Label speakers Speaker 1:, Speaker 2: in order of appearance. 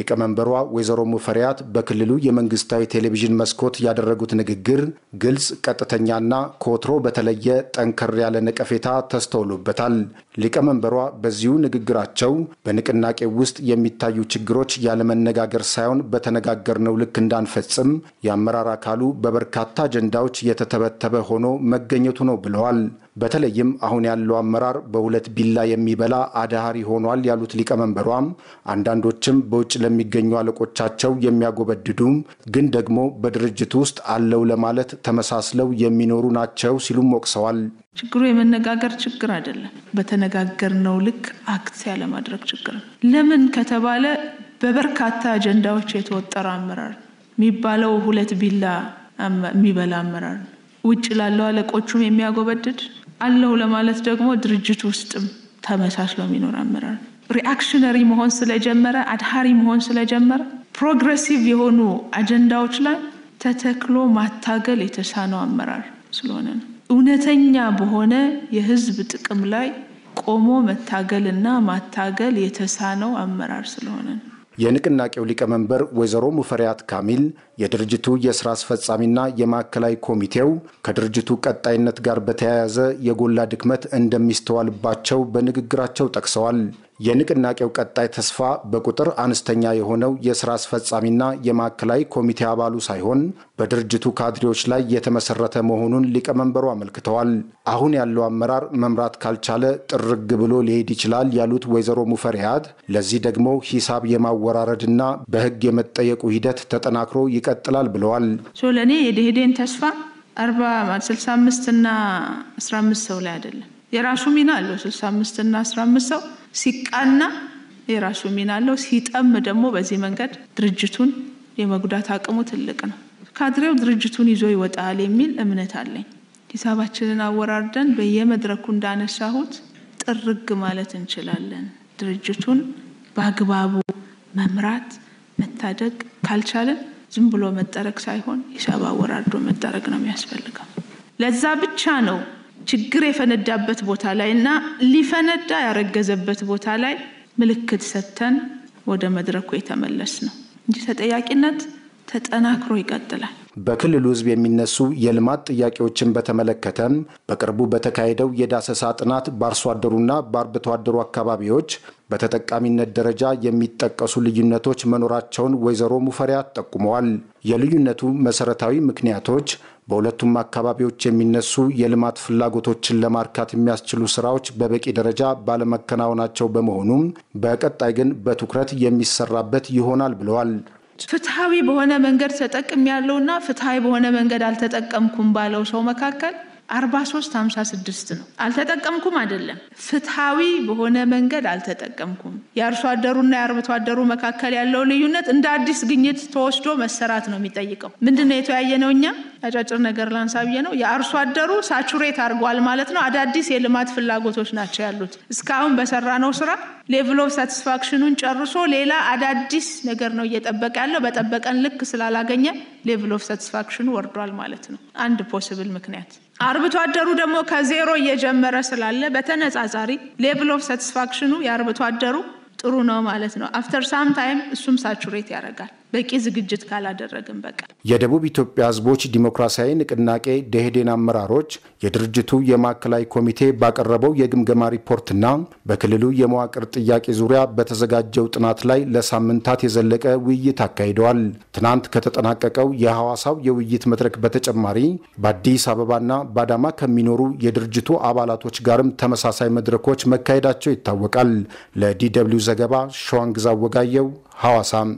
Speaker 1: ሊቀመንበሯ ወይዘሮ ሙፈሪያት በክልሉ የመንግስታዊ ቴሌቪዥን መስኮት ያደረጉት ንግግር ግልጽ፣ ቀጥተኛና ከወትሮ በተለየ ጠንከር ያለ ነቀፌታ ተስተውሎበታል። ሊቀመንበሯ በዚሁ ንግግራቸው በንቅናቄ ውስጥ የሚታዩ ችግሮች ያለመነጋገር ሳይሆን በተነጋገርነው ልክ እንዳንፈጽም የአመራር አካሉ በበርካታ አጀንዳዎች የተተበተበ ሆኖ መገኘቱ ነው ብለዋል። በተለይም አሁን ያለው አመራር በሁለት ቢላ የሚበላ አዳሃሪ ሆኗል ያሉት ሊቀመንበሯም አንዳንዶችም በውጭ ለሚገኙ አለቆቻቸው የሚያጎበድዱም ግን ደግሞ በድርጅቱ ውስጥ አለው ለማለት ተመሳስለው የሚኖሩ ናቸው ሲሉም ወቅሰዋል።
Speaker 2: ችግሩ የመነጋገር ችግር አይደለም። በተነጋገርነው ልክ አክት ያለማድረግ ችግር ነው። ለምን ከተባለ በበርካታ አጀንዳዎች የተወጠረ አመራር የሚባለው ሁለት ቢላ የሚበላ አመራር ነው። ውጭ ላለው አለቆቹም የሚያጎበድድ አለው ለማለት ደግሞ ድርጅት ውስጥም ተመሳስሎ የሚኖር አመራር ሪአክሽነሪ መሆን ስለጀመረ አድሃሪ መሆን ስለጀመረ ፕሮግረሲቭ የሆኑ አጀንዳዎች ላይ ተተክሎ ማታገል የተሳነው አመራር ስለሆነ ነው። እውነተኛ በሆነ የህዝብ ጥቅም ላይ ቆሞ መታገልና ማታገል የተሳነው አመራር ስለሆነ ነው።
Speaker 1: የንቅናቄው ሊቀመንበር ወይዘሮ ሙፈሪያት ካሚል፣ የድርጅቱ የስራ አስፈጻሚና የማዕከላዊ ኮሚቴው ከድርጅቱ ቀጣይነት ጋር በተያያዘ የጎላ ድክመት እንደሚስተዋልባቸው በንግግራቸው ጠቅሰዋል። የንቅናቄው ቀጣይ ተስፋ በቁጥር አነስተኛ የሆነው የስራ አስፈጻሚና የማዕከላዊ ኮሚቴ አባሉ ሳይሆን በድርጅቱ ካድሬዎች ላይ የተመሰረተ መሆኑን ሊቀመንበሩ አመልክተዋል። አሁን ያለው አመራር መምራት ካልቻለ ጥርግ ብሎ ሊሄድ ይችላል ያሉት ወይዘሮ ሙፈሪያት ለዚህ ደግሞ ሂሳብ የማወራረድና በሕግ የመጠየቁ ሂደት ተጠናክሮ ይቀጥላል ብለዋል።
Speaker 2: ለእኔ የደሄዴን ተስፋ አርባ ስልሳ እና 15 ሰው ላይ አይደለም የራሱ ሚና አለው። ስልሳ አምስት እና አስራ አምስት ሰው ሲቃና የራሱ ሚና አለው። ሲጠም ደግሞ በዚህ መንገድ ድርጅቱን የመጉዳት አቅሙ ትልቅ ነው። ካድሬው ድርጅቱን ይዞ ይወጣል የሚል እምነት አለኝ። ሂሳባችንን አወራርደን በየመድረኩ እንዳነሳሁት ጥርግ ማለት እንችላለን። ድርጅቱን በአግባቡ መምራት መታደግ ካልቻለን ዝም ብሎ መጠረግ ሳይሆን ሂሳብ አወራርዶ መጠረግ ነው የሚያስፈልገው። ለዛ ብቻ ነው ችግር የፈነዳበት ቦታ ላይ እና ሊፈነዳ ያረገዘበት ቦታ ላይ ምልክት ሰጥተን ወደ መድረኩ የተመለስ ነው እንጂ ተጠያቂነት ተጠናክሮ ይቀጥላል።
Speaker 1: በክልሉ ህዝብ የሚነሱ የልማት ጥያቄዎችን በተመለከተም በቅርቡ በተካሄደው የዳሰሳ ጥናት በአርሶ አደሩና በአርብቶ አደሩ አካባቢዎች በተጠቃሚነት ደረጃ የሚጠቀሱ ልዩነቶች መኖራቸውን ወይዘሮ ሙፈሪያት ጠቁመዋል። የልዩነቱ መሰረታዊ ምክንያቶች በሁለቱም አካባቢዎች የሚነሱ የልማት ፍላጎቶችን ለማርካት የሚያስችሉ ስራዎች በበቂ ደረጃ ባለመከናወናቸው በመሆኑም በቀጣይ ግን በትኩረት የሚሰራበት ይሆናል ብለዋል።
Speaker 2: ፍትሐዊ በሆነ መንገድ ተጠቅም ያለውና ፍትሐዊ በሆነ መንገድ አልተጠቀምኩም ባለው ሰው መካከል 43 56 ነው። አልተጠቀምኩም አይደለም፣ ፍትሐዊ በሆነ መንገድ አልተጠቀምኩም። የአርሶ አደሩና የአርብቶ አደሩ መካከል ያለው ልዩነት እንደ አዲስ ግኝት ተወስዶ መሰራት ነው የሚጠይቀው። ምንድን ነው የተወያየ ነው? እኛ አጫጭር ነገር ላንሳብዬ ነው። የአርሶ አደሩ ሳቹሬት አድርጓል ማለት ነው። አዳዲስ የልማት ፍላጎቶች ናቸው ያሉት። እስካሁን በሰራ ነው ስራ ሌቭል ኦፍ ሳቲስፋክሽኑን ጨርሶ ሌላ አዳዲስ ነገር ነው እየጠበቀ ያለው። በጠበቀን ልክ ስላላገኘ ሌቭል ኦፍ ሳቲስፋክሽኑ ወርዷል ማለት ነው። አንድ ፖስብል ምክንያት አርብቶ አደሩ ደግሞ ከዜሮ እየጀመረ ስላለ በተነጻጻሪ ሌቭል ኦፍ ሳቲስፋክሽኑ የአርብቶ አደሩ ጥሩ ነው ማለት ነው። አፍተር ሳም ታይም እሱም ሳቹሬት ያደርጋል። በቂ ዝግጅት ካላደረግን በቃ።
Speaker 1: የደቡብ ኢትዮጵያ ሕዝቦች ዲሞክራሲያዊ ንቅናቄ ደኢህዴን አመራሮች የድርጅቱ የማዕከላዊ ኮሚቴ ባቀረበው የግምገማ ሪፖርትና በክልሉ የመዋቅር ጥያቄ ዙሪያ በተዘጋጀው ጥናት ላይ ለሳምንታት የዘለቀ ውይይት አካሂደዋል። ትናንት ከተጠናቀቀው የሐዋሳው የውይይት መድረክ በተጨማሪ በአዲስ አበባና በአዳማ ከሚኖሩ የድርጅቱ አባላቶች ጋርም ተመሳሳይ መድረኮች መካሄዳቸው ይታወቃል። ለዲ ደብልዩ ዘገባ ሸዋንግዛ ወጋየው ሐዋሳም